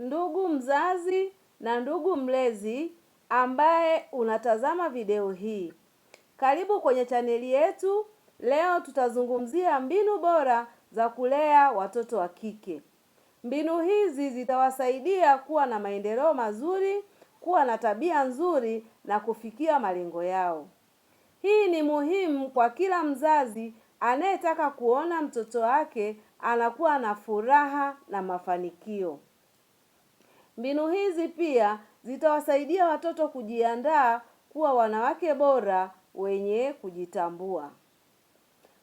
ndugu mzazi na ndugu mlezi ambaye unatazama video hii. Karibu kwenye chaneli yetu. Leo tutazungumzia mbinu bora za kulea watoto wa kike. Mbinu hizi zitawasaidia kuwa na maendeleo mazuri, kuwa na tabia nzuri na kufikia malengo yao. Hii ni muhimu kwa kila mzazi anayetaka kuona mtoto wake anakuwa na furaha na mafanikio. Mbinu hizi pia zitawasaidia watoto kujiandaa kuwa wanawake bora wenye kujitambua.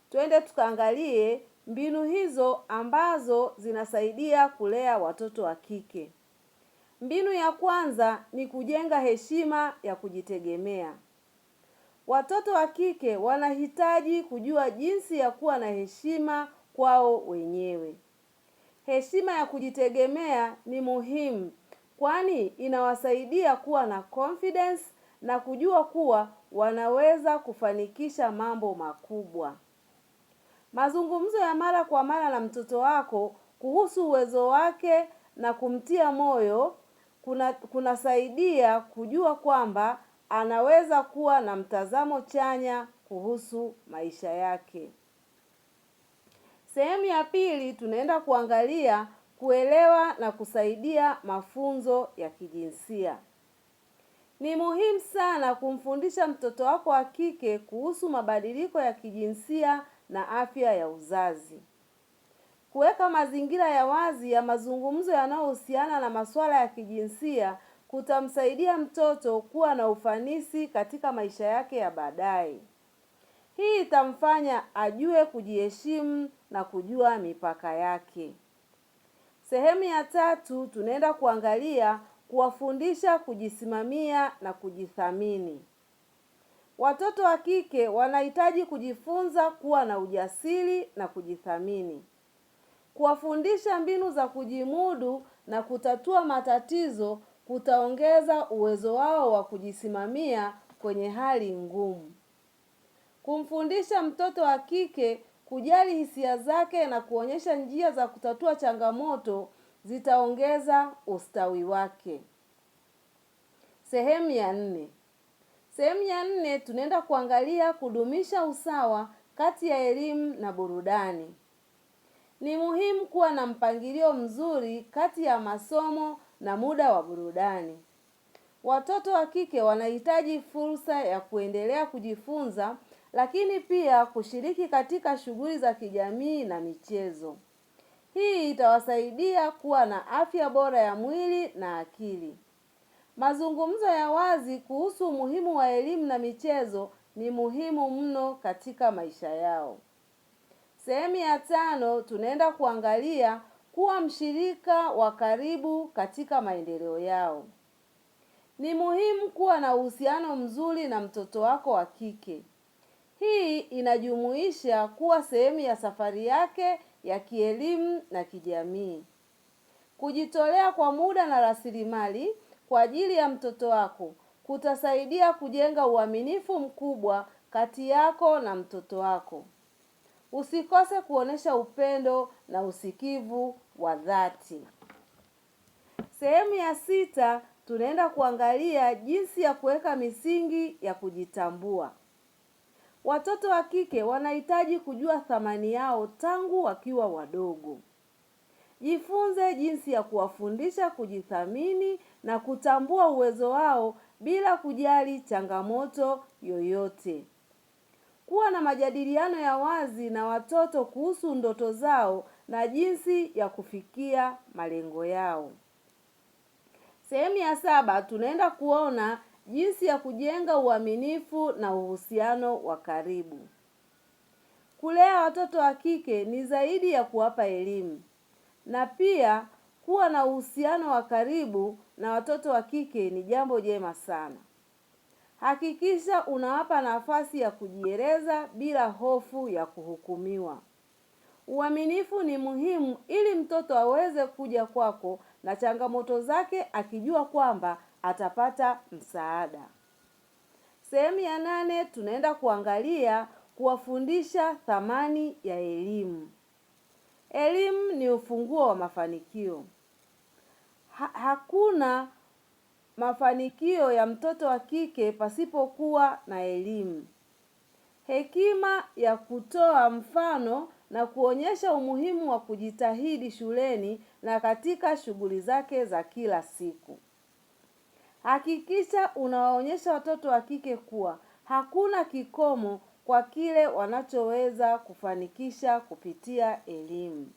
Twende tukaangalie mbinu hizo ambazo zinasaidia kulea watoto wa kike. Mbinu ya kwanza ni kujenga heshima ya kujitegemea. Watoto wa kike wanahitaji kujua jinsi ya kuwa na heshima kwao wenyewe. Heshima ya kujitegemea ni muhimu kwani inawasaidia kuwa na confidence na kujua kuwa wanaweza kufanikisha mambo makubwa. Mazungumzo ya mara kwa mara na mtoto wako kuhusu uwezo wake na kumtia moyo kuna kunasaidia kujua kwamba anaweza kuwa na mtazamo chanya kuhusu maisha yake. Sehemu ya pili tunaenda kuangalia kuelewa na kusaidia mafunzo ya kijinsia. Ni muhimu sana kumfundisha mtoto wako wa kike kuhusu mabadiliko ya kijinsia na afya ya uzazi. Kuweka mazingira ya wazi ya mazungumzo yanayohusiana na masuala ya kijinsia kutamsaidia mtoto kuwa na ufanisi katika maisha yake ya baadaye. Hii itamfanya ajue kujiheshimu na kujua mipaka yake. Sehemu ya tatu tunaenda kuangalia kuwafundisha kujisimamia na kujithamini. Watoto wa kike wanahitaji kujifunza kuwa na ujasiri na kujithamini. Kuwafundisha mbinu za kujimudu na kutatua matatizo kutaongeza uwezo wao wa kujisimamia kwenye hali ngumu. Kumfundisha mtoto wa kike Kujali hisia zake na kuonyesha njia za kutatua changamoto zitaongeza ustawi wake. Sehemu ya nne. Sehemu ya nne tunaenda kuangalia kudumisha usawa kati ya elimu na burudani. Ni muhimu kuwa na mpangilio mzuri kati ya masomo na muda wa burudani. Watoto wa kike wanahitaji fursa ya kuendelea kujifunza lakini pia kushiriki katika shughuli za kijamii na michezo. Hii itawasaidia kuwa na afya bora ya mwili na akili. Mazungumzo ya wazi kuhusu umuhimu wa elimu na michezo ni muhimu mno katika maisha yao. Sehemu ya tano tunaenda kuangalia kuwa mshirika wa karibu katika maendeleo yao. Ni muhimu kuwa na uhusiano mzuri na mtoto wako wa kike. Hii inajumuisha kuwa sehemu ya safari yake ya kielimu na kijamii. Kujitolea kwa muda na rasilimali kwa ajili ya mtoto wako kutasaidia kujenga uaminifu mkubwa kati yako na mtoto wako. Usikose kuonesha upendo na usikivu wa dhati. Sehemu ya sita tunaenda kuangalia jinsi ya kuweka misingi ya kujitambua. Watoto wa kike wanahitaji kujua thamani yao tangu wakiwa wadogo. Jifunze jinsi ya kuwafundisha kujithamini na kutambua uwezo wao bila kujali changamoto yoyote. Kuwa na majadiliano ya wazi na watoto kuhusu ndoto zao na jinsi ya kufikia malengo yao. Sehemu ya saba tunaenda kuona jinsi ya kujenga uaminifu na uhusiano wa karibu. Kulea watoto wa kike ni zaidi ya kuwapa elimu, na pia kuwa na uhusiano wa karibu na watoto wa kike ni jambo jema sana. Hakikisha unawapa nafasi ya kujieleza bila hofu ya kuhukumiwa. Uaminifu ni muhimu ili mtoto aweze kuja kwako na changamoto zake akijua kwamba atapata msaada. Sehemu ya nane tunaenda kuangalia kuwafundisha thamani ya elimu. Elimu ni ufunguo wa mafanikio. Ha, hakuna mafanikio ya mtoto wa kike pasipokuwa na elimu. Hekima ya kutoa mfano na kuonyesha umuhimu wa kujitahidi shuleni na katika shughuli zake za kila siku. Hakikisha unawaonyesha watoto wa kike kuwa hakuna kikomo kwa kile wanachoweza kufanikisha kupitia elimu.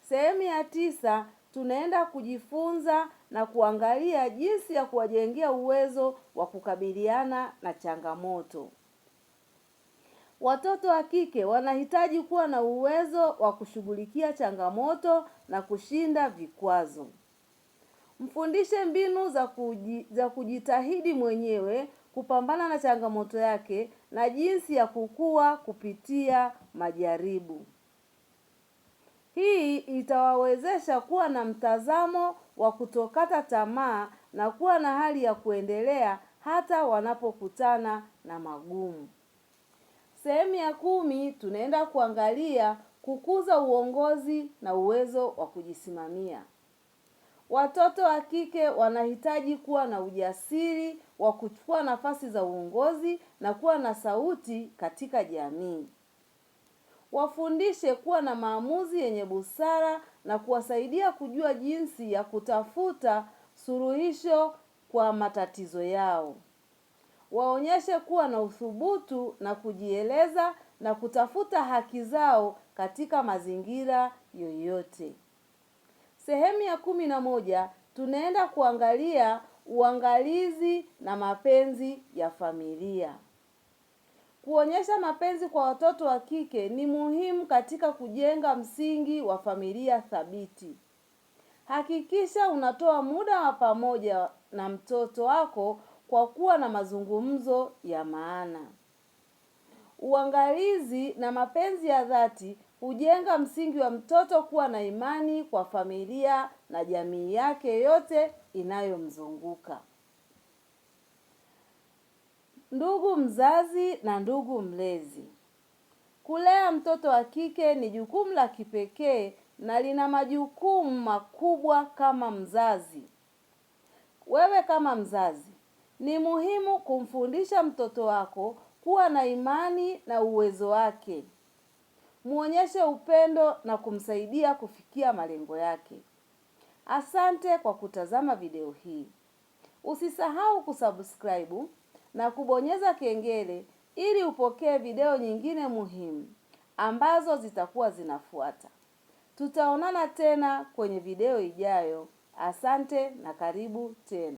Sehemu ya tisa tunaenda kujifunza na kuangalia jinsi ya kuwajengea uwezo wa kukabiliana na changamoto. Watoto wa kike wanahitaji kuwa na uwezo wa kushughulikia changamoto na kushinda vikwazo. Mfundishe mbinu za kuji, za kujitahidi mwenyewe kupambana na changamoto yake na jinsi ya kukua kupitia majaribu. Hii itawawezesha kuwa na mtazamo wa kutokata tamaa na kuwa na hali ya kuendelea hata wanapokutana na magumu. Sehemu ya kumi tunaenda kuangalia kukuza uongozi na uwezo wa kujisimamia. Watoto wa kike wanahitaji kuwa na ujasiri wa kuchukua nafasi za uongozi na kuwa na sauti katika jamii. Wafundishe kuwa na maamuzi yenye busara na kuwasaidia kujua jinsi ya kutafuta suluhisho kwa matatizo yao. Waonyeshe kuwa na uthubutu na kujieleza na kutafuta haki zao katika mazingira yoyote. Sehemu ya kumi na moja tunaenda kuangalia uangalizi na mapenzi ya familia. Kuonyesha mapenzi kwa watoto wa kike ni muhimu katika kujenga msingi wa familia thabiti. Hakikisha unatoa muda wa pamoja na mtoto wako kwa kuwa na mazungumzo ya maana. Uangalizi na mapenzi ya dhati hujenga msingi wa mtoto kuwa na imani kwa familia na jamii yake yote inayomzunguka. Ndugu mzazi na ndugu mlezi. Kulea mtoto wa kike ni jukumu la kipekee na lina majukumu makubwa kama mzazi. Wewe kama mzazi, ni muhimu kumfundisha mtoto wako kuwa na imani na uwezo wake muonyeshe upendo na kumsaidia kufikia malengo yake. Asante kwa kutazama video hii. Usisahau kusubscribe na kubonyeza kengele ili upokee video nyingine muhimu ambazo zitakuwa zinafuata. Tutaonana tena kwenye video ijayo. Asante na karibu tena.